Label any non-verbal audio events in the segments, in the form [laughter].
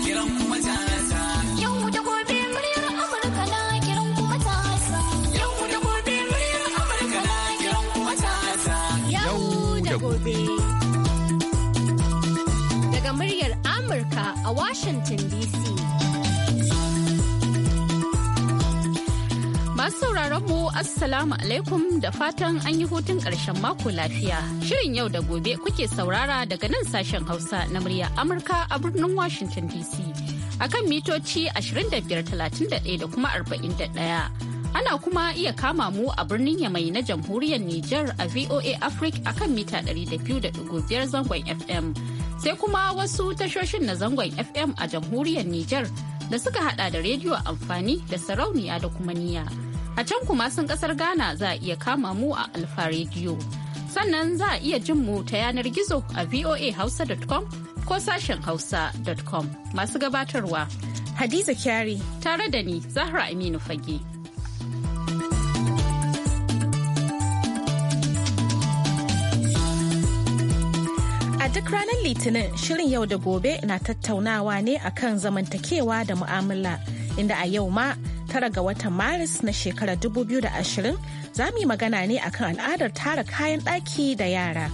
kiran da gobe muryar Amurka na kiran da gobe muryar Amurka na kiran da gobe. Daga muryar Amurka a Washington DC. Masu sauraron mu Assalamu alaikum da fatan an yi hutun ƙarshen mako lafiya. Shirin yau da gobe kuke saurara daga nan sashen Hausa na murya Amurka a birnin Washington DC. Akan mitoci 2531 da kuma 41. Ana kuma iya kama mu a birnin Yamai na jamhuriyar Nijar a VOA Africa akan mita 200.5 zangon FM. Sai kuma wasu tashoshin na zangon FM a jamhuriyar Nijar da suka hada da rediyo amfani da sarauniya da kuma niyya. A can kuma sun kasar Ghana za a iya kama mu a Alfa Radio. Sannan za a iya jin mu ta yanar gizo a voahausa.com ko sashen hausa.com masu gabatarwa. Hadiza Kyari. Tare da ni Zahra Aminu Fage. a duk ranar litinin shirin yau da gobe na tattaunawa ne akan zamantakewa da mu'amala inda a yau ma tara ga watan maris na shekarar 2020 za mu yi magana ne akan al'adar tara kayan ɗaki da yara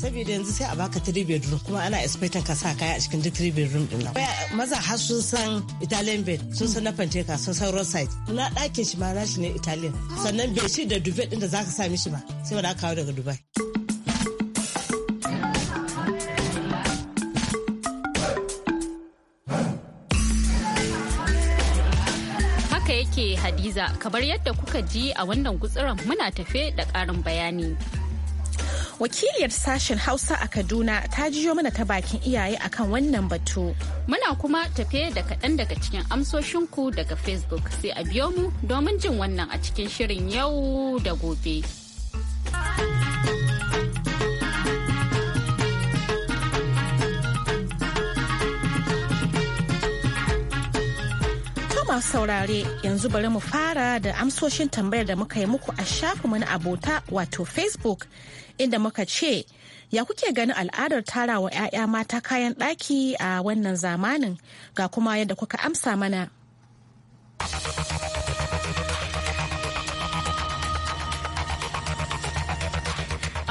saboda yanzu sai a baka three bedroom kuma ana expecting ka sa kaya a cikin duk three bedroom din nan maza har sun san italian bed sun san na panteka sun san roadside na ɗakin shi ma shi ne italian sannan bai shi da duvet din da zaka sa mishi ba sai wanda aka kawo daga dubai ce Hadiza, kamar yadda kuka ji a wannan gutsuran muna tafe da ƙarin bayani. wakiliyar sashen hausa a kaduna ta jiyo mana ta bakin iyaye akan wannan batu muna kuma tafe da kaɗan daga cikin amsoshinku daga facebook sai a biyo mu domin jin wannan a cikin shirin yau da gobe. saurare yanzu bari mu fara da amsoshin tambayar da muka yi muku a shafinmu na abota wato Facebook inda muka ce ya kuke ganin al'adar tara wa 'ya'ya mata kayan ɗaki a wannan zamanin ga kuma yadda kuka amsa mana.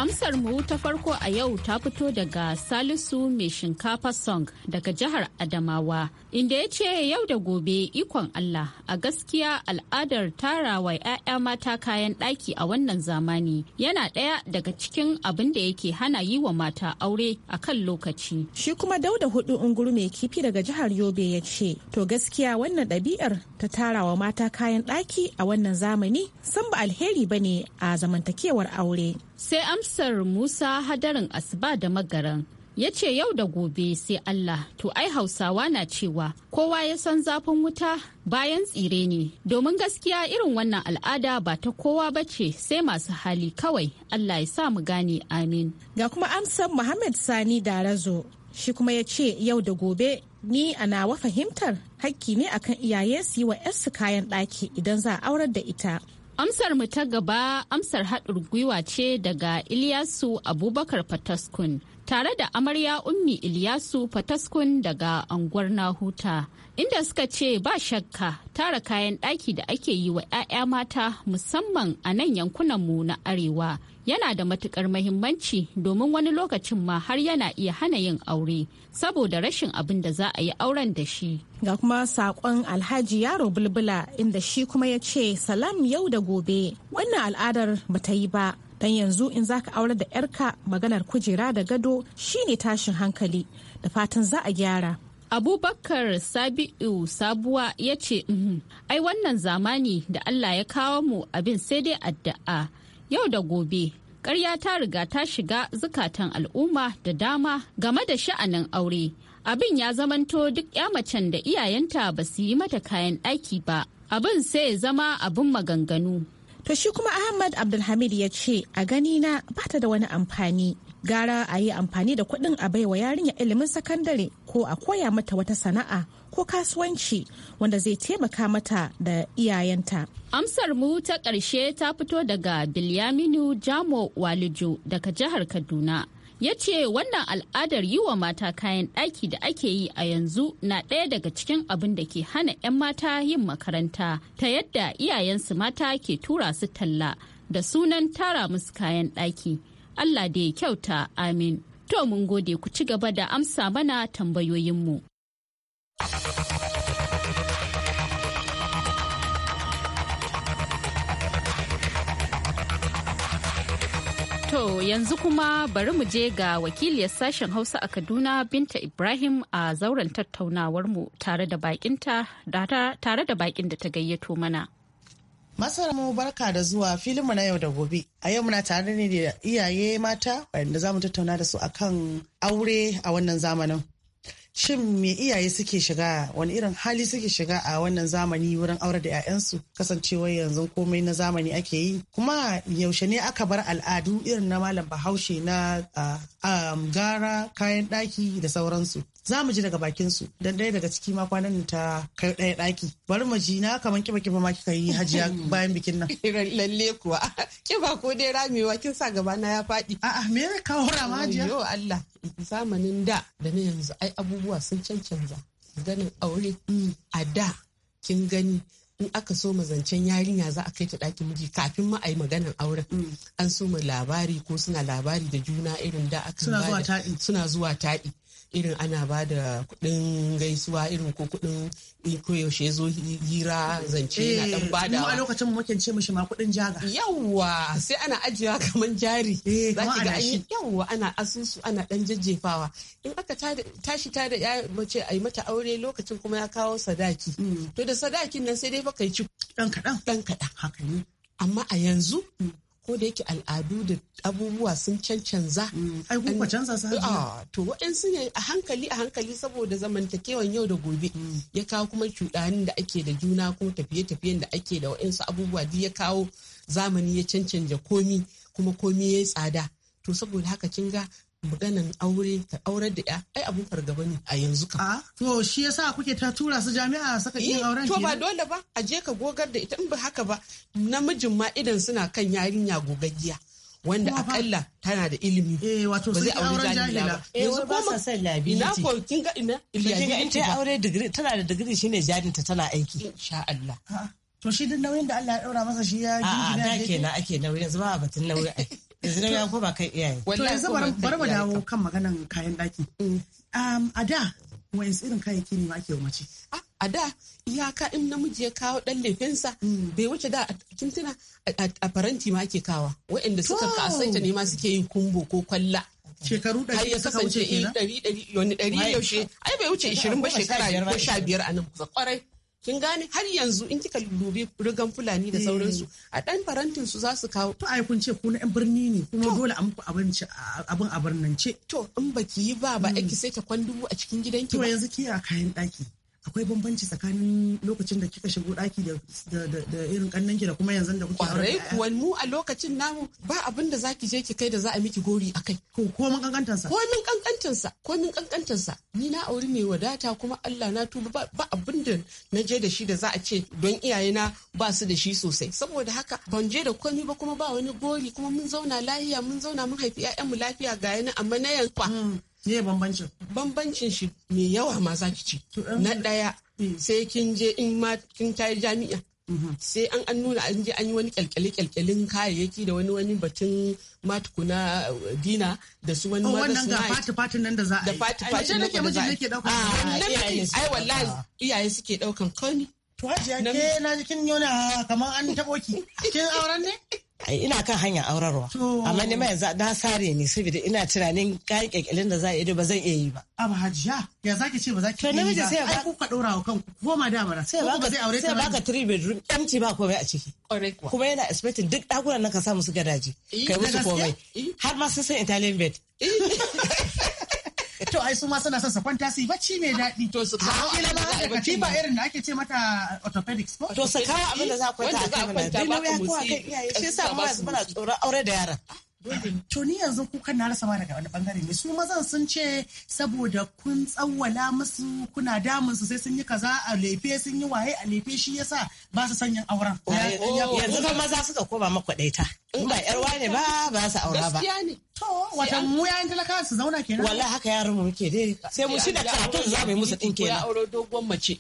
Amsar mu ta farko a yau ta fito daga Salisu mai shinkafa song daga jihar Adamawa, inda ya ce yau da gobe ikon Allah a gaskiya al'adar tarawa 'ya'ya mata kayan ɗaki a wannan zamani yana ɗaya daga cikin abin da yake hana yi wa mata aure a kan lokaci. Shi kuma dauda hudu unguru mai kifi daga jihar Yobe ya ce, to gaskiya wannan ɗabi'ar ta tara wa mata kayan ɗaki a wannan zamani san ba alheri ba ne a zamantakewar aure. sai amsar musa hadarin asuba da magaran ya ce yau da gobe sai Allah to ai hausawa na cewa kowa ya san zafin wuta bayan tsire ne domin gaskiya irin wannan al'ada ba ta kowa ba ce sai masu hali kawai Allah ya sa mu gane amin ga kuma amsar Muhammad Sani da razo shi kuma ya ce yau da gobe ni a nawa fahimtar hakki ne akan iyaye su yi wa 'yarsu kayan ɗaki idan za a aurar da ita Amsar mu ta gaba amsar haɗin gwiwa ce daga Ilyasu Abubakar Fataskun tare da amarya ummi Ilyasu Fataskun daga unguwar huta inda suka ce ba shakka tara kayan ɗaki da ake yi wa 'ya'ya mata musamman a nan yankunanmu na arewa yana da matukar mahimmanci domin wani lokacin ma har yana iya hana yin aure saboda rashin abin da za a yi auren da shi. Ga kuma saƙon Alhaji Yaro Bulbula inda shi kuma ya ce salam yau da gobe wannan al'adar bata yi ba dan yanzu in zaka aure da yarka maganar kujera da gado shine tashin hankali da fatan za a gyara abubakar sabi'u sabuwa ya ce mhm, ai wannan zamani da allah ya kawo mu abin sai dai addu'a yau da gobe karya ta riga ta shiga zukatan al'umma da dama game da sha'anin aure abin ya zamanto duk ya macen da iyayenta ba su yi mata kayan ɗaki ba abin sai ya zama abin maganganu To shi kuma Ahmad Abdulhamid ya ce a ganina na bata da wani amfani. Gara a yi amfani da kuɗin a baiwa yarinya ilimin sakandare ko a koya mata wata sana'a ko kasuwanci wanda zai taimaka mata da iyayenta. Amsar mu ta ƙarshe ta fito daga Bilyaminu Jamo Walijo daga jihar Kaduna. ya ce wannan al'adar yi wa mata kayan ɗaki da ake yi a yanzu na ɗaya daga cikin abin da ke hana 'yan mata yin makaranta ta yadda iyayensu mata ke tura su talla da sunan tara musu kayan ɗaki allah da ya kyauta amin to mun gode ku ci gaba da amsa mana tambayoyinmu. To yanzu kuma bari mu je ga wakiliyar sashen Hausa a Kaduna Binta Ibrahim a zauren tattaunawarmu tare da tare da bakin da ta gayyato mana. mu barka da zuwa filin mu na yau da gobe. A yau muna tare ne da iyaye mata wanda za mu tattauna da su akan aure a wannan zamanin. shin me iyaye suke shiga wani irin hali suke shiga a wannan zamani wurin aure da 'ya'yansu kasancewa yanzu komai na zamani ake yi kuma yaushe ne aka bar al'adu irin na malam bahaushe na ah, ah, gara kayan ɗaki da sauransu za mu ji daga bakin su dan ɗaya daga ciki ma kwanan ta kai ɗaya daki. bari mu ji na kaman kiba kiba ma kika yi hajiya [laughs] bayan bikin nan [laughs] lalle kuwa kiba ko dai ramewa kin sa gaba na ya faɗi a'a me ya kawo rama hajiya yo Allah zamanin da da na yanzu ai abubuwa sun cancanza ganin aure mm. a da kin gani in aka so zancen yarinya za a kai ta ɗakin miji kafin ma a yi maganan auren mm. an so mu labari ko suna labari da juna irin da aka suna zuwa taɗi irin ana ba da kuɗin gaisuwa irin ko kuɗin koyaushe zo hira zance na dan eh, bada mu a lokacin mu muke ce mishi ma kuɗin jaga yawwa sai ana ajiya kaman jari eh, za ki ga an yawwa ana asusu ana dan jajjefawa in aka tashi ta da mace a yi mata aure lokacin kuma ya kawo sadaki mm. to da sadakin nan sai dai baka yi ci dan kaɗan dan kadan haka ne amma a yanzu mm. ko da yake al'adu da abubuwa sun cancanza. Mm, ai kuma canza su ah, To waɗansu ne a hankali a hankali saboda zamantakewan yau da gobe mm. ya kawo kuma cuɗanin da ake da juna kuma tafiye-tafiyen da ake da waɗansu abubuwa duk ya kawo zamani ya cancanja komi kuma komi ya yi tsada. To saboda haka kin ga maganan aure ka aure da ya ai abun fargaba ne a yanzu ka. Ah, to shi yasa kuke ta tura su jami'a saka yin eh, auren To ba dole ba a je ka gogar da ita in ba haka ba namijin ma idan suna kan yarinya gogaggiya. wanda akalla tana da ilimi eh wato sai auren jahila eh, yanzu ko ma san labi ina ko kin ga ina iliya in ta aure digiri tana da digiri shine jarinta tana aiki insha Allah ah, to shi duk nauyin da Allah ya daura masa shi ya gina da kenan ake nauyi yanzu ba batun nauyi ai [laughs] yanzu da ya ba kai iyaye to yanzu bari mu dawo kan maganan kayan daki mm. a da wa'in irin kayayyaki ne ma ake wa mace a da iyaka in namiji ya kawo dan lefensa mm. bai wuce da kin tuna a faranti ma ake kawa Wa'inda suka kasance ne ma suke yin kumbo ko kwalla shekaru ɗari ya kasance eh, ɗari ɗari wani ɗari yaushe ai bai wuce ishirin ba shekara ko sha biyar a nan kusa kwarai kin gane har yanzu in kika lullube rigan fulani da eh. sauransu a dan farantin su za su kawo to ai kun ce ku na yan birni ne kuma dole a muku abinci abin a birnance to in baki yi ba ba ake hmm. sai ta kwandubu a cikin gidanki to yanzu a kayan daki akwai bambanci tsakanin lokacin da kika shigo daki da irin kannan ki da kuma yanzu da kuke aure kuwa mu a lokacin namu ba abin da zaki je ki kai da za a miki gori akai ko ko mun kankantar sa ko mun kankantar ko mun kankantar ni na aure mai wadata kuma Allah na tuba ba abin da na je da shi da za a ce don iyayena ba su da shi sosai saboda haka ban je da komai ba kuma ba wani gori kuma mun zauna lafiya mun zauna mun haifi mu lafiya ga yana amma na yanzu Me bambancin? Bambancin shi mai yawa ma za ki ci. Na ɗaya eh. sai kin je in ma kin tayi jami'a. Mhm. Sai an an nuna an je an yi wani kyalkyale kyalkyalin kayayyaki da wani wani batun matukuna uh, dina da su wani oh, wani suna ga fati fatin nan da za a yi. Da fati fati nan da za a yi. Ah, ai wallahi iyaye suke daukan kawai. Tuwaji ya ke na jikin yona ah, kamar an taɓo ki. Kin auren ne? [laughs] ina kan hanya aurarwa amma ni mai yanzu na sare ni saboda ina tunanin kai kekelin da za a yi ba zan iya yi ba abu hajiya ya zaki ce ba za ki iya yi ba ai ka dora wa kanku ko ma da mara sai ba ka zai aure ta ba ka three bedroom empty ba komai a ciki kuma yana expecting duk dakunan nan ka sa musu gadaje eh, kai musu komai eh. har ma sun san Italian bed eh. [laughs] to ai su ma suna son su kwanta su yi bacci mai daɗi to su kawo kila ma haka katifa irin da ake ce mata orthopedics ko to su kawo abin da za ku kwanta a kan mana dilo ya a kan iyaye shi yasa ba yanzu muna tsoron aure da yaran to ni yanzu kuka na rasa ma daga wani bangare ne su mazan sun ce saboda kun tsawwala musu kuna damun su sai sun yi kaza a lefe sun yi waye a lefe shi yasa ba su sanya auren. Oh, yanzu kan maza suka koma makwadaita. In ba yar wane ba ba su aura ba. To watan mu yayin talaka su zauna kenan. Wallahi haka yaran mu muke dai. Sai mu shida karatun za mu yi musu ɗin kenan. Ya auro dogon mace.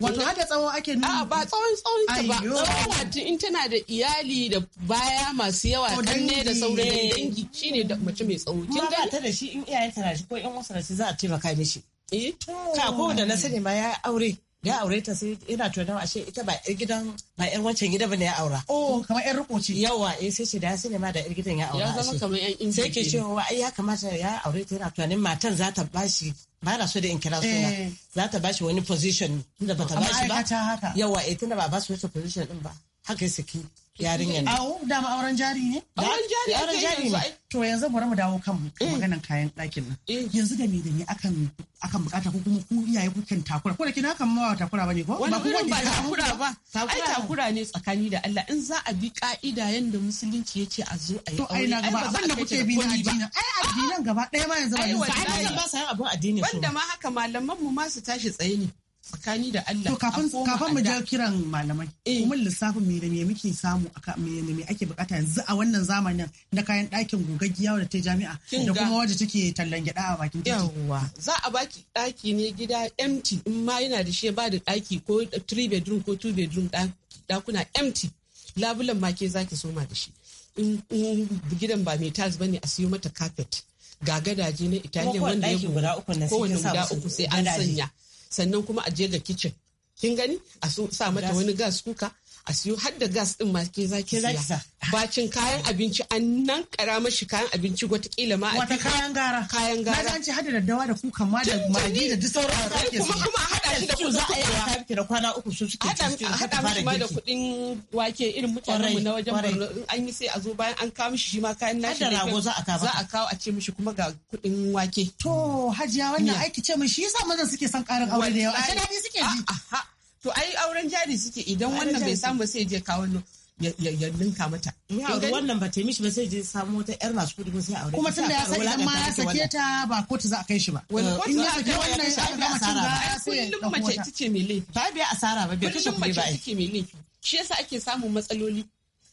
Wato hada tsawo ake nuna. A'a ba tsawon tsawon ta ba. Tsawon wato in tana da iyali da baya masu yawa kanne da sauran dangi shine da mace mai tsawo. Kin ga ta da shi in iyayen tana shi ko in wasu da shi za a taimaka mishi. Eh. Ka ko da na sani ma ya aure. ya aure ta sai ina tunanin ashe ita ba yar gidan ba yar wancan gida bane ya aura oh kamar yar riko ce yawa eh sai ce da sai ne ma da yar gidan ya aura ya zama kamar yan inda sai ke cewa ai ya kamata ya aure ta yana tunanin matan za ta bashi ba na so da in kira suna eh. za ta bashi wani position tunda ba ta bashi ba yawa eh tunda ba ba su wata position din ba haka ya saki yarinyar ne. Awo dama auren jari ne? Auren jari auren yanzu. ne. To yanzu bari mu dawo kan eh. maganan kayan ɗakin nan. Eh. Yanzu da me da me akan akan bukata ko kuma ku iyaye kukan takura ko da kina kan mawa takura bane ko? Ba ku ba takura ba. Ai takura ne tsakani da Allah in za a bi ka'ida yanda musulunci ya ce a zo a yi aure. To ai na gaba abin da kuke bi na addini. Ai addinan gaba ɗaya ma yanzu ba. Ai wanda ba sa yin abin addini. Wanda ma haka malaman mu ma su tashi tsaye ne. tsakani da Allah. To kafin kafin mu je kiran malamai. Kuma eh. lissafin me da me muke samu me da me ake bukata yanzu a wannan zamanin na kayan ɗakin gogaggiya da ta jami'a da kuma waje take tallan gyada a bakin titi. Yawwa za a baki ɗaki ne gida empty in ma yana da shi ba da ɗaki ko 3 bedroom ko 2 bedroom ɗakuna empty labulan ma ke zaki soma da shi. In gidan ba mai tiles bane a siyo mata carpet. Ga gadaje na Italiya wanda ya guda uku sai an sanya. sannan kuma a je ga kicin kin gani a sa mata wani gas kuka a siyo har da gas din ma ke za siya bacin kayan abinci an nan kara mashi kayan abinci watakila ma a kayan gara kayan gara na ci hada daddawa da kukan ma da magi da duk sauran da ake kuma kuma hada shi da kuɗin za a yi a tafi da kwana uku su suke hada mashi ma da kuɗin wake irin mutanen mu na wajen Borno an yi sai a zo bayan an kawo mishi shi ma kayan nashi da rago za a kawo za a kawo a ce mishi kuma ga kuɗin wake to hajiya wannan aiki ce mun shi yasa mazan suke son karin aure da yawa a shi suke ji to ai auren jari suke idan wannan bai samu sai je kawo ya ninka mata. wannan ba ta mishi ba sai je samu wata yar masu kudi sai aure. Kuma tunda ya san idan ma ya sake ta ba kotu za a kai shi ba. Eh, in ya sake wannan ya sake asara ba. Kullum mace ita ce mai laifi. Ba biya asara ba biya kashe kuɗi ba. Kullum mace ce mai laifi. Shi yasa ake samun matsaloli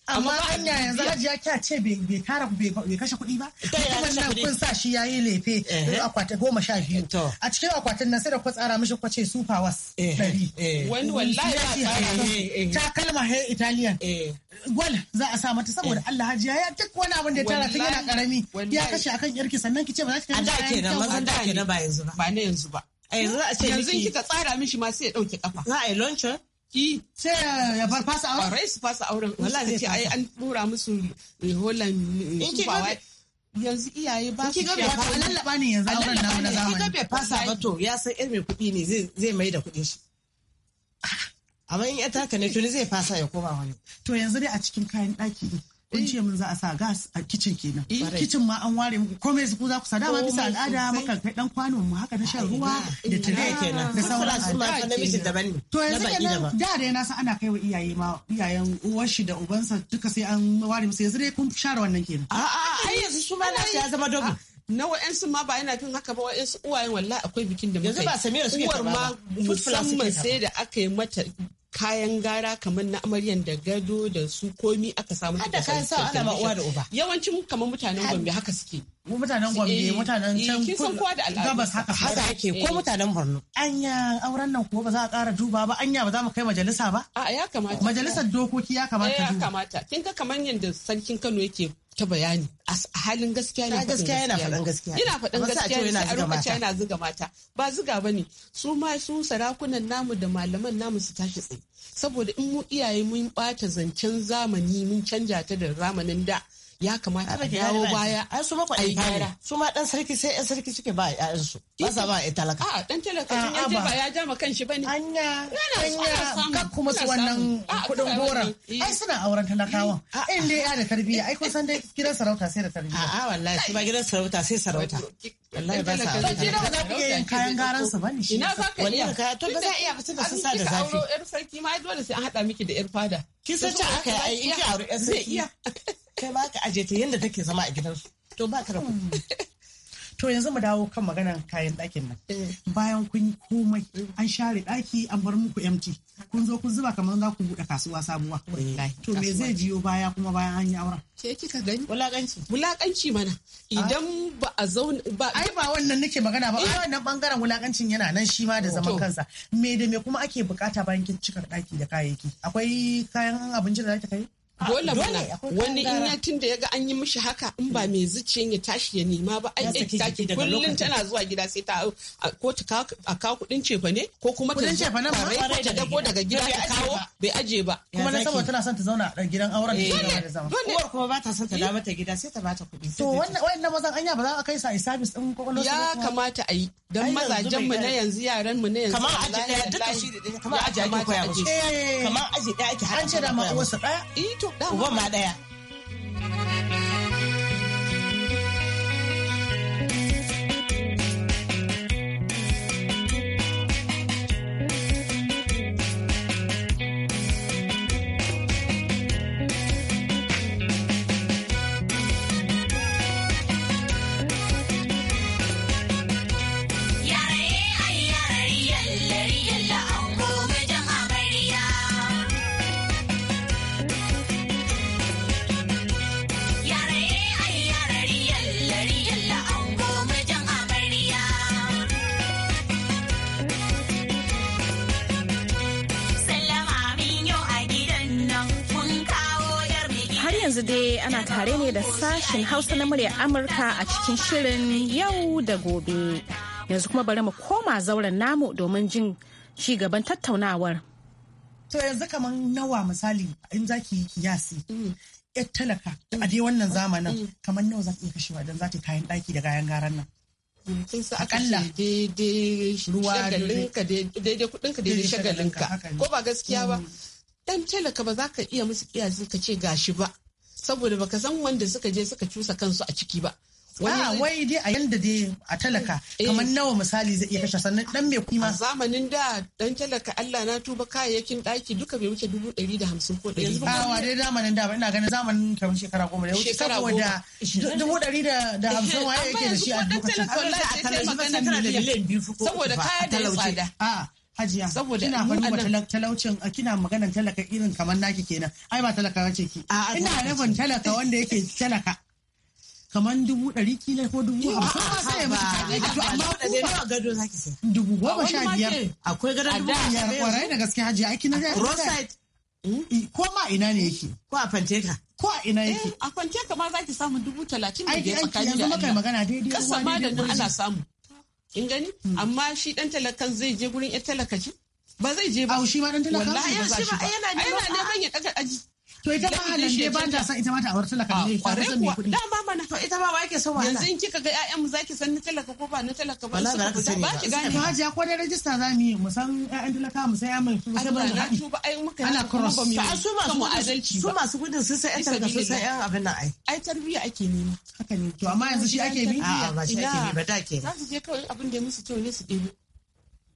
amma hanya yanzu hajiya kya ce bai tara bai kashe kuɗi ba mutumin nan kun sa shi yayi lefe akwatin goma sha biyu a cikin akwatin nan sai da ku tsara mishi kwace su fawas ɗari wani wallahi ba ta kalma he italian gwal za a sa mata saboda Allah hajiya ya duk wani abin da ya tara tun yana karami ya kashe akan yarki sannan ki ce ba za ki kashe a da ke da ba yanzu ba ba ne yanzu ba yanzu za a ce yanzu kika tsara mishi ma sai ya dauke kafa za a yi launcher i sai ya bar fasa auren bai su fasa auren wala zai ce ai an dora musu holan sufawa yanzu iyaye ba su kiga bai lallaba ne yanzu auren na wani zamani kiga bai fasa ba to ya san irin kuɗi ne zai mai da kuɗin shi amma in ya taka ne to tuni zai fasa ya koma wani to yanzu dai a cikin kayan ɗaki kun ce eh. mun za a sa gas a kicin kenan eh. kicin ma an ware muku komai ku za ku sa dama bisa al'ada mukan kai dan kwano mu haka na shan ruwa da tire da sauran al'ada to yanzu kenan da dai na san ana kai wa iyaye ma iyayen uwar shi da ubansa duka sai an ware musu yanzu dai kun share wannan kenan a'a ai yanzu su ma na ya zama dogo. na wa'yansu ma ba yana kan haka ba wa'yansu uwayen wallahi akwai bikin da muka yi yanzu ba samira suke ba uwar ma musamman sai da aka yi mata kayan gara kamar na amaryan da gado da su komi aka samu da kayan sa ana uwa da uba yawancin kamar mutanen gombe haka suke mu mutanen gombe eh, mutanen can eh, kin san kowa da al'adu gabas haka haka ake ko eh. mutanen borno anya auren nan ko ba za a ƙara duba ba anya ba za mu kai majalisa ba a ya kamata majalisar dokoki ya kamata ya kamata kin ga kamar yanda sarkin Kano yake ta bayani a halin gaskiya ne gaskiya yana faɗin gaskiya yana faɗin gaskiya ne a rubuta yana zuga mata ba zuga bane su ma su sarakunan namu da malaman namu su tashi tsaye saboda in mu iyaye mun ɓata zancen zamani mun canja ta da zamanin da ya kamata a dawo baya Ai su makwa ɗaya su ma ɗan sarki sai ɗan sarki suke ba ƴaƴansu ba sa ba talaka a ɗan talaka ne ba ya ja ma kanshi bane anya anya kak kuma su wannan kuɗin goron eh. ai suna auren talakawan eh. in dai ya da tarbiyya ai kun san dai gidan sarauta sai da tarbiyya a'a wallahi shi ba gidan sarauta sai sarauta wallahi ba sa ba ji da ba ku iya yin kayan garan su bane shi ina za ka iya kaya to ba za iya fitar da su sa da zafi yar sarki ma dole sai an hada miki da yar fada kin san ta aka yi ai in ki aure yar sarki kai ba ka aje ta yadda take zama a gidansu to ba ka da hmm. [laughs] to yanzu mu dawo kan maganar kayan ɗakin nan eh. bayan kun yi komai an share ɗaki an bar muku empty kun zo kun zuba kamar za ku buɗe kasuwa sabuwa eh, to me zai jiyo baya kuma bayan an yi auren ke kika gani wulakanci wulakanci mana idan ba a zauna ba ai ba wannan nake magana ba eh. ai wannan bangaren wulakancin yana nan shi ma da zaman kansa me da me kuma ake bukata bayan kin cika ɗaki da kayayyaki akwai kayan abinci da za ta kai dole mana wani in ya tunda ya ga an yi mishi haka in ba mai zuciyan ya tashi ya nema ba ai ai taki kullun tana zuwa gida sai ta ko ta a kawo kudin cefa ne ko kuma ta cefa nan ba ta dako daga gida ta kawo bai aje ba kuma na saboda tana son ta zauna a gidan auren eh. da zama uwar kuma ba ta son ta dawo eh. ta gida sai ta bata kudi to wannan wayannan mazan anya ba za a kai sa a service din kwakwalwar ya kamata a yi dan mazajen mu na yanzu yaran mu na yanzu kamar aji daya duka shi eh. kamar aji ake koya musu kamar aji daya ake an ce da ma uwarsa daya What uban ma daya tare ne da sashen Hausa na muryar Amurka a cikin shirin yau da gobe. Yanzu kuma bari mu koma zauren namu domin jin ci gaban tattaunawar. To yanzu kamar nawa misali in za ki yi kiyasi. Yar talaka a dai wannan zamanin kamar nawa za ki iya kashewa don za ta kayan daki da kayan garan nan. kin sa akalla daidai shagalinka daidai kudinka daidai shagalinka ko ba gaskiya ba mm. dan talaka ba za ka iya musu kiyasi ka ce gashi ba saboda baka san wanda suka je suka cusa kansu a ciki ba wani ah, wai dai a yanda dai a talaka eh. Eh. kamar nawa misali zai iya kashe sannan dan mai kuma zamanin da dan talaka Allah na tuba kayayyakin daki duka bai wuce dubu ɗari da hamsin ko ɗari ba ah, wa dai zamanin da ina ganin zamanin kamar shekara goma da wuce saboda dubu ɗari da eh, hamsin waye yake da shi a lokacin Allah a talauci saboda kaya da tsada ah. hajiya saboda kina faɗin wa talaucin kina maganar talaka irin kamar naki kenan ai ba talaka wace ki ina rabon talaka wanda yake talaka kamar dubu ɗari kila ko dubu hamsin ba sai ya mutu kaje to amma ku ba gado zaki sai dubu goma sha biyar akwai gado dubu biyar kwarai da gaske hajiya ai kina roadside hmm? ko ma ina ne yake ko a fanteka ko a ina yake eh, a fanteka ma zaki samu dubu talatin da biyar tsakanin da Allah yanzu muka magana daidai kasa ma da ana samu in gani hmm. amma shi dan talakan zai je gurin ya talakaci ba zai je ba. shi ma dan talaka wallahi shi ma yana neman ya daga aji To ita ba halin da ba ta san ita ma ta aure talaka ah, ne kware san me kuɗi. mana to ita ba ba yake son wahala. Yanzu in kika ga ƴaƴan mu zaki san na talaka ko ba na talaka ba su ba ki gane. To hajiya ko dai rajista za mu yi mu san ƴaƴan talaka mu san ƴaƴan mu san ba na haɗi. Ba ai muka ana cross. Ba su su adalci. Su masu gudun sun san ƴan talaka sun san ƴan abin nan ai. Ai tarbiyya ake nema. Haka ne. To amma yanzu shi ake bi? A'a ba shi ake bi ba da ke. Za su je kawai abin da musu to ne su ɗebi.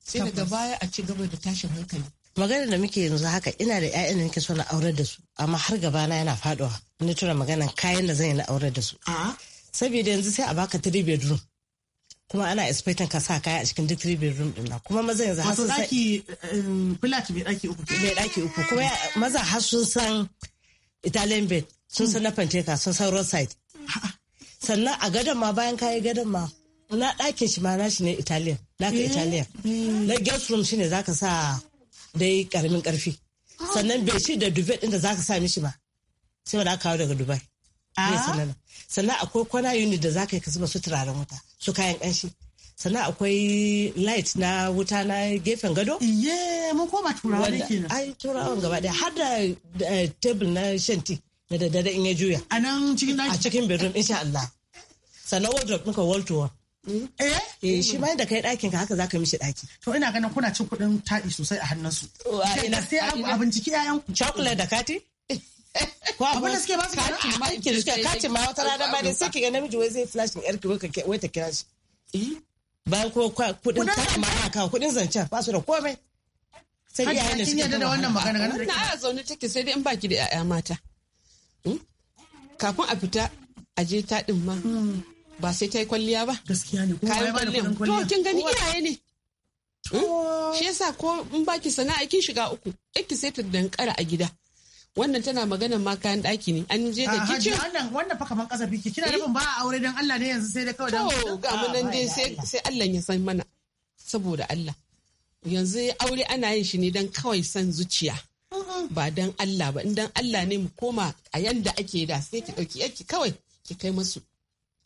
Sai daga baya a ci gaba da tashin hankali. magana da muke yanzu haka ina da 'ya'yan da nake so na aurar da su amma har gaba na yana faduwa ni tura maganan kayan da zan yi na aurar da su saboda yanzu sai a baka three bedroom kuma ana expectin ka sa kaya a cikin duk three bedroom din kuma maza yanzu har sun daki um, flat mai daki uku mai daki uku kuma maza har sun san Italian bed sun san na Panteca sun san roadside sannan a gadon ma bayan kayi gadon ma na ɗakin shi ma na shi ne Italian na ka eh? Italian mm. na guest room shine zaka sa dai karamin karfi sannan bai shi da dubai din da zaka sa mishi ba sai ba kawo daga dubai ah. sannan akwai kwana yuni da zaka yi ka su turaren wuta su kayan kanshi sannan akwai light na wuta na gefen gado iye mun koma turawa ne kenan ai turawan gaba daya har da eh, table na shanti na daddare in ya juya a nan cikin a cikin bedroom insha Allah sannan wardrobe ɗinka wall to wall Eh? eh? shi ma da kai ɗakin ka haka zaka mishi ɗaki. To ina ganin kuna cin kuɗin taɗi sosai a hannunsu. Oh, ina sai a binciki ƴaƴan ku. Chocolate da kati? ko abin da suke ba su kati ma ke suke kati ma wata rana ba ne sai ki ga namiji wai zai flash din ƴarki wai ta kira shi eh? bayan ko kuɗin kati ma na kawo zancen ba su da komai sai ya yi shi da wannan magana ganin na a zaune take sai dai in baki da yaya mata hmm? kafin a fita a je taɗin ma hmm. ba sai ta yi kwalliya ba gaskiya ne kuma ba da kwalliya to kin gani iyaye ne hmm? shi yasa ko in baki sana'a kin shiga uku ki sai ta dankara a gida wannan tana magana ma kayan ɗaki ne an je da kicin wannan wannan fa kaman kasafi ki kina nufin ba a aure don Allah ne yanzu sai da kawai dan to ga mu nan dai sai sai Allah ya san mana saboda Allah yanzu aure ana yin shi ne don kawai san zuciya ba don Allah ba in don Allah ne mu koma a yanda ake da sai ki ɗauki yaki kawai ki kai masu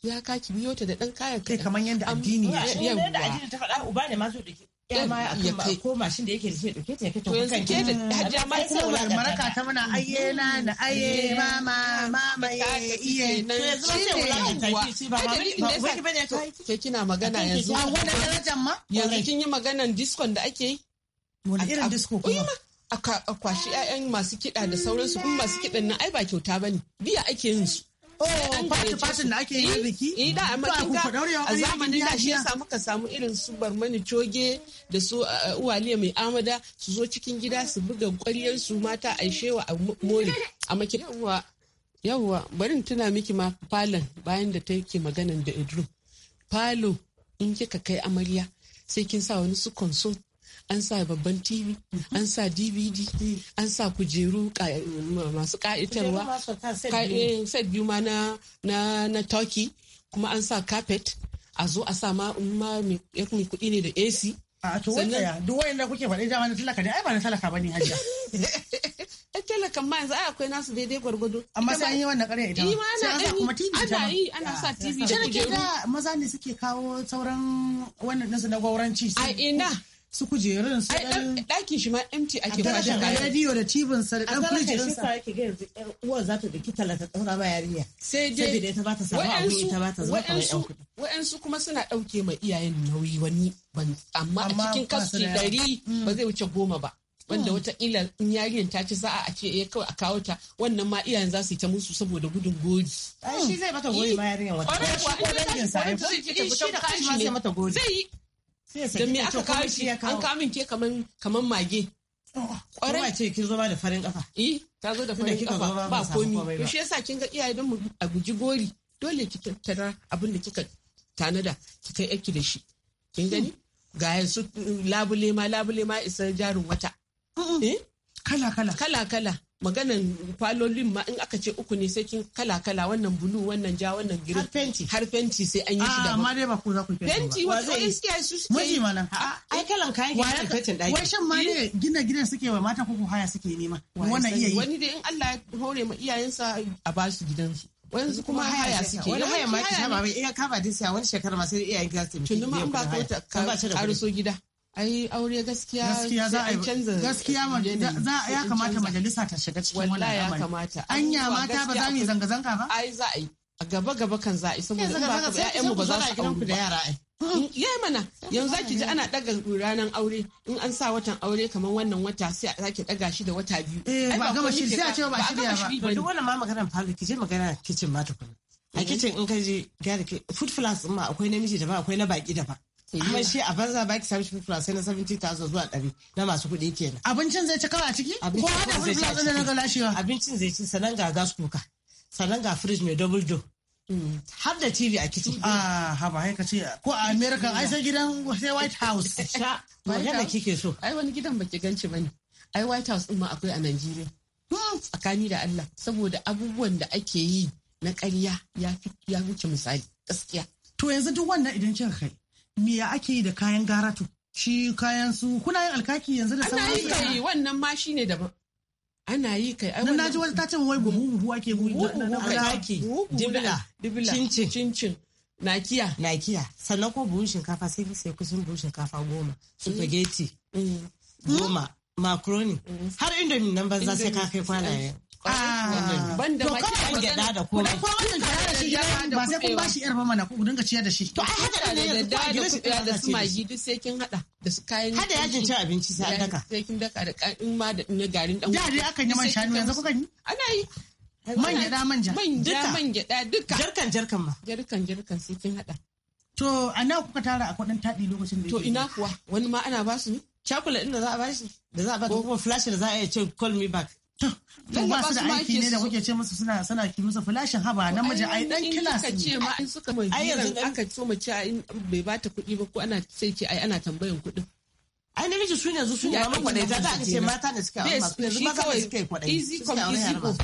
ya ka ki biyo ta da dan kayan kai kamar yadda addini ya ce yadda addini ta faɗa uba ne ma zo da ya ma akan ko mashin da yake da shi dauke ta yake fito kan ke da hajja ma sai wa maraka ta muna ayyena da aye mama mama ye iye to yanzu ba sai wala ta shi ba ma wai bane to ke kina magana yanzu a wannan darajar ma yanzu kin yi maganan diskon da ake yi wani irin disko kuma a kwashi 'ya'yan masu kiɗa da sauransu kuma masu kiɗan nan ai ba kyauta bane biya ake yin su Oh, fatin da ake da amma a zamanin da shi yasa muka samu irin su barmani coge da su uh, uh, uwaliya mai amada su zo cikin gida su buga kwaryar su mata a shewa a mori a yawwa barin tuna miki ma falon bayan da ta yake maganan da idru falo in kika kai amarya sai kin sa wani su konso an sa babban tv an sa dvd an sa kujeru masu ka'itarwa eh, set biyu ma na turkey kuma an sa carpet a zo a sa ma mai kudi ne da ac a to wata duk wayan da kuke faɗi dama na talaka ne ai ba na talaka bane hajiya [laughs] ai talakan ma yanzu ai akwai nasu daidai gwargwado amma sai an yi wannan ƙarya ita ma ana sa kuma tv ana yi ana sa tv da kujeru maza ne suke kawo sauran wannan nasu na gwauranci ai ina su kujerun su ɗan ɗakin shi ma empty ake ba shi ga radio da tibin sa da ɗan kujerun sa yake ga yanzu za ta daki talata ta ba yarinya sai dai saboda ba ta samu abu ita ba ta zama kamar yan kuɗi wa'ansu kuma suna dauke ma iyayen nauyi wani amma a cikin kasu dari ba zai wuce goma ba wanda hmm. wata ila in yarin ta ci sa'a a ce eh kawai a kawo ta wannan ma iyayen za su yi ta musu saboda gudun goji Ai shi zai mata goji ma yarinyar wata. shi ko dangin sa ai kuwa, shi kuwa, ƙwarai kuwa, ƙwarai kuwa, don me aka kawo shi an kawo min ke kaman mage kwarai ce kin zo ba da farin kafa eh ta zo da farin kafa ba komi to shi yasa kin ga iyaye don mu a guji gori dole ki tattara abin da kika tanada ki kai aiki da shi kin gani ga yanzu labule ma labule ma isa jarin wata eh? kala kala kala kala maganan falolin ma in aka ce uku ne sai kin kala kala wannan bulu wannan ja wannan girin har fenti har fenti sai an yi shi ah, da amma dai ba ku za ku fenti fenti wata sai suke su suke miji mana ai eh, kalan kayan ki fetin fentin daki wai shan ma ne gina gidan suke wa mata ko haya suke nema wannan iya yi wani dai in Allah ya hore ma iyayensa a ba su gidansu wani kuma haya suke wani haya ma ki saba bai iya kaba sai wani shekara ma sai iyayen gidansu tunda ma an ba ka wata ka so gida ai aure gaskiya gaskiya za a canza gaskiya za ya kamata majalisa ta shiga cikin wannan ya kamata anya mata ba za mu zanga zanga ba ai za a yi gaba gaba kan za a yi saboda ba ka ƴaƴan mu ba za su auri da yara ai mm, ya mana yanzu zaki ji ana daga ranar aure in an sa watan aure kamar wannan wata sai a zaki daga shi da wata biyu eh ba gama shi sai a ce ba shi ba duk wannan ma maganar falo ki je magana kicin ma tukuna a kicin in ka je gyara food plus ma akwai namiji da ba akwai na baki da ba kuma eh. shi a banza ba ki sami shi sai na 70,000 zuwa 100 na masu kuɗi kenan abincin zai ci kawai a ciki ko hada wani fura na ga lashewa abincin zai ci sanan ga gas kuka sanan ga fridge mai double do. Hmm. har da TV a kicin. A ah, haba haika ce ko a America ai sai gidan sai White House. [laughs] Sha, ba yana kike so. Ai wani gidan baki ganci bane. Ai White House din ma akwai a Najeriya. Tsakani da Allah saboda abubuwan da ake yi na ƙarya ya wuce misali gaskiya. To yanzu duk wannan idan kika kai me ya ake yi da kayan garatu shi kayan su kuna yin alkaki yanzu da sauran ana yi kai wannan ma shine daban ana yi kai ai na ji wata ta ce wai buhu buhu ake buhu buhu alkaki dibila cincin cincin nakiya nakiya sannan ko buhun shinkafa sai sai kusan buhun shinkafa goma mm. spaghetti mm. goma macaroni mm. har indomi nan banza sai ka kai kwalaye Ah. ban da ma kiɗan gyaɗa da komai. Ko wannan tare da shi ba sai kun bashi yar ba mana ku dinga ciyar da shi. To ai haka ne da da kuɗa da su magi duk sai kin hada da su kayan. Hada yajin cin abinci sai an daka. Sai kin daka da in ma da ne garin dan. Da dai akan yi man shanu yanzu kuka yi. Ana yi. Man gyaɗa manja. Manja man gyaɗa duka. Jarkan jarkan ma. Jarkan jarkan sai kin hada. To a nawa kuka tara a kuɗin taɗi lokacin da To ina kuwa wani ma ana basu ne? Chocolate ɗin da za a bashi da za a ba ko kuma flash da za a iya ce call me back. Don ba su da aiki ne da kuke ce musu suna sana ki musu flashin haba nan mijin ai dan kila su. ce ma in suka mai aka so mu ai bai bata kuɗi ba ko ana sai ce ai ana tambayan kuɗin. ai namiji su yanzu su yaran kwaɗai za ta ce mata da suka amma yanzu mata da suka yi easy go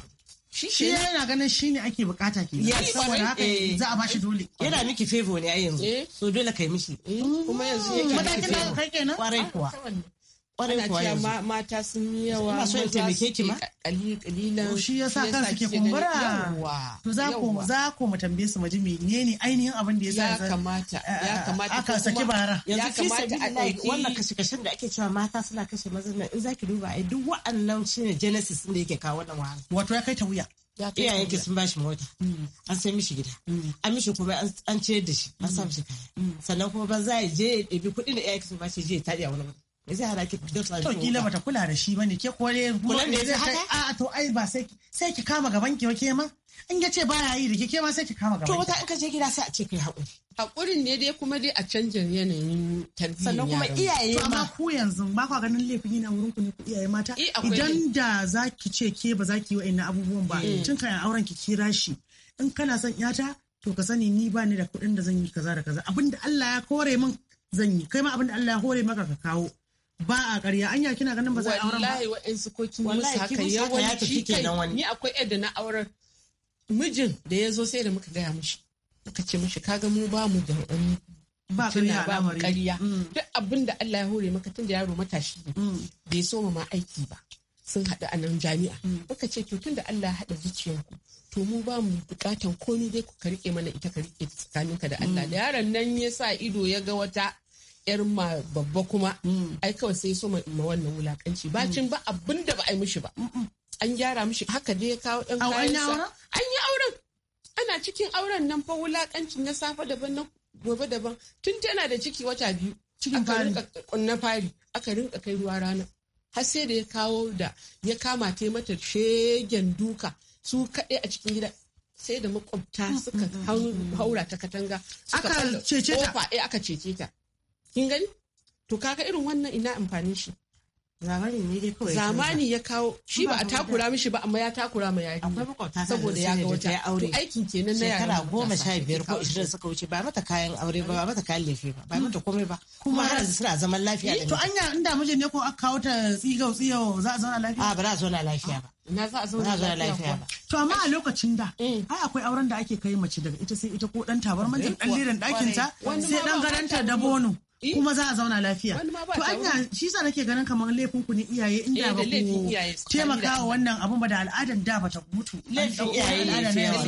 shi yana ganin shi ne ake bukata ke ya saboda haka eh. za a bashi dole yana miki favor ne a yanzu eh. so dole kai mishi mm. kuma yanzu yake kai kenan kwarai kuwa ah, ana cewa mata sun yi yawa ina so taimake ki ma kalilan shi yasa kan suke kumbura to za ku za ku mu tambaye su maji menene ainihin abin da ya yasa ya kamata ya kamata aka saki bara yanzu fi sabilillahi wannan kashe kashen da ake cewa mata suna kashe maza nan in zaki duba ai duk wa'annan shine genesis din da yake kawo wannan wahala wato ya kai ta wuya iyayen ki sun bashi mota mm. an sai mishi gida mm. an mishi kuma an ce da shi an sa mm. mishi kaya sannan kuma ba za ya je ya ɗebi kuɗin da iyayen sun bashi je ya taɗi a wani me zai hana ki dausa to kila bata kula da shi bane ke kore kulan ne zai haka a to ai ba sai sai ki kama gaban ki ke ma in ya ce baya yi da ke ma sai ki kama gaban to wata in ka je gida sai a ce kai hakuri hakurin ne dai kuma dai a canjin yanayin tarbiyyar sannan kuma iyaye ma amma ku yanzu ba kwa ganin laifin yana wurin ku ne ku iyaye mata eh, idan da zaki ce ke ba zaki yi wa'annan abubuwan ba eh. tun kan auren ki kira shi in kana son yata to ka sani ni ba ni da kuɗin da zan yi kaza da kaza abinda Allah ya kore min zan yi kai ma abinda Allah ya hore maka ka kawo ba a ƙarya anya kina ganin ba za a auren ba wallahi wa'ansu ko kin musu haka yawanci kai ni akwai yadda na auren mijin da ya zo sai da muka gaya mishi muka ce mishi kaga mu ba mu da wani ba ƙarya ba mu ƙarya mm. duk abin da Allah ya hore maka tun da yaro matashi ne mm. bai so ma aiki ba sun haɗu a nan jami'a mm. muka ce to tun da Allah ya haɗa zuciyarku to mu ba mu bukatan komai dai ku ka rike mana ita ka rike tsakaninka da Allah da yaron nan ya sa ido ya ga wata yar ma babba kuma mm. ai kawai sai so ma wannan wulakanci bacin ba abin da ba a yi mishi ba an gyara mishi haka dai kawo ɗan kayansa an yi auren ana cikin auren nan fa wulakancin na safe daban na gobe daban tun tana da ciki wata biyu cikin fari na fari aka rinka kai ruwa rana har sai da ya kawo da ya kama ta mata shegen duka su kaɗai a cikin gida sai da makwabta suka haura ta katanga aka cece ta aka cece ta kin gani to kaga irin wannan ina amfanin shi zamani ne dai kawai zamani ya kawo shi ba a takura mishi ba amma ya takura ma yayi akwai makwabta saboda ya ga wata aure aikin kenan na yara goma sha biyar ko ishirin suka wuce ba mata kayan aure ba ba mata kayan lefe ba ba mata komai ba kuma har yanzu suna zaman lafiya eh, to anya inda mijin ne ko aka kawo ta tsigau tsigau za a zauna lafiya a ah, ba za a zauna lafiya ba ah, na za a zauna lafiya ba. To amma a lokacin da eh. ai akwai auren da ake kai mace daga ita sai ita ko dan tabar manta dan liran dakin ta sai dan garanta da bono. Eh? kuma za a zauna lafiya to anya shi sa nake ganin kamar laifin ku ne iyaye inda eh, ba ku taimaka wa wannan abun ba da al'adar da bata mutu laifin iyaye ne yawa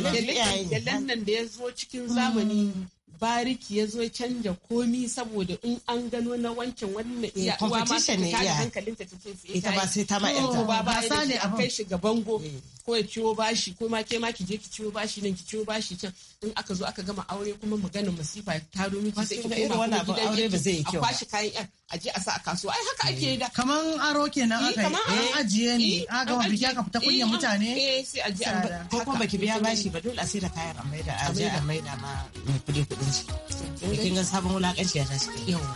nan da ya zo cikin zamani mm. bariki ya zo canja komi saboda in an gano na wancan wannan eh, iya uwa ma ta da hankalinta ta sai ita ba sai ta ma yanta ba ba sa ne a kai shi ga bango eh. ko ya ciwo bashi ko ma ke ma ki je ki ciwo bashi nan ki ciwo bashi can in aka zo aka gama aure kuma magana masifa ta domin ki sai ki koma gidan aure ba zai yi kyau a kwashi kayan yan a je a sa a kasuwa ai haka ake da eh, kaman aro kenan eh, aka yi eh, ajiye ne a ga biki aka fita kunya mutane eh sai a je ko kuma baki biya bashi ba dole a sai da kayan a da a je a da ma mai kudi kudin shi kin ga sabon wulakanci ya tashi yawa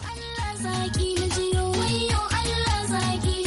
zaki ji yo wayo Allah zaki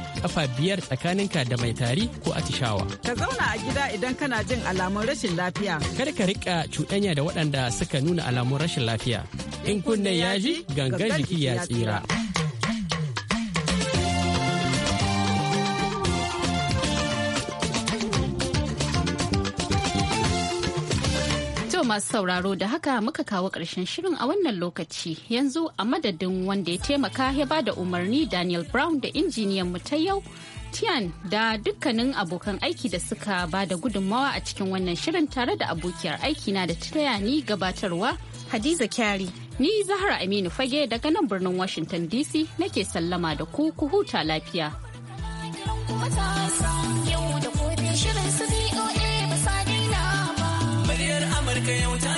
kafa biyar tsakaninka da mai tari ko atishawa. Ka zauna a gida idan kana jin alamun rashin lafiya. Kar ka rika cuɗanya da waɗanda suka nuna alamun rashin lafiya. In kunne ya ji gangan jiki ya tsira. masu sauraro da haka muka kawo ƙarshen shirin a wannan lokaci yanzu a madadin wanda ya taimaka ya ba da umarni Daniel Brown da injiniyan mu ta yau Tian da dukkanin abokan aiki da suka ba da gudunmawa a cikin wannan shirin tare da abokiyar aiki na da taya ni gabatarwa Hadiza Kyari. Ni Zahra Aminu Fage daga nan birnin Washington DC nake sallama da ku ku huta lafiya. da yau ta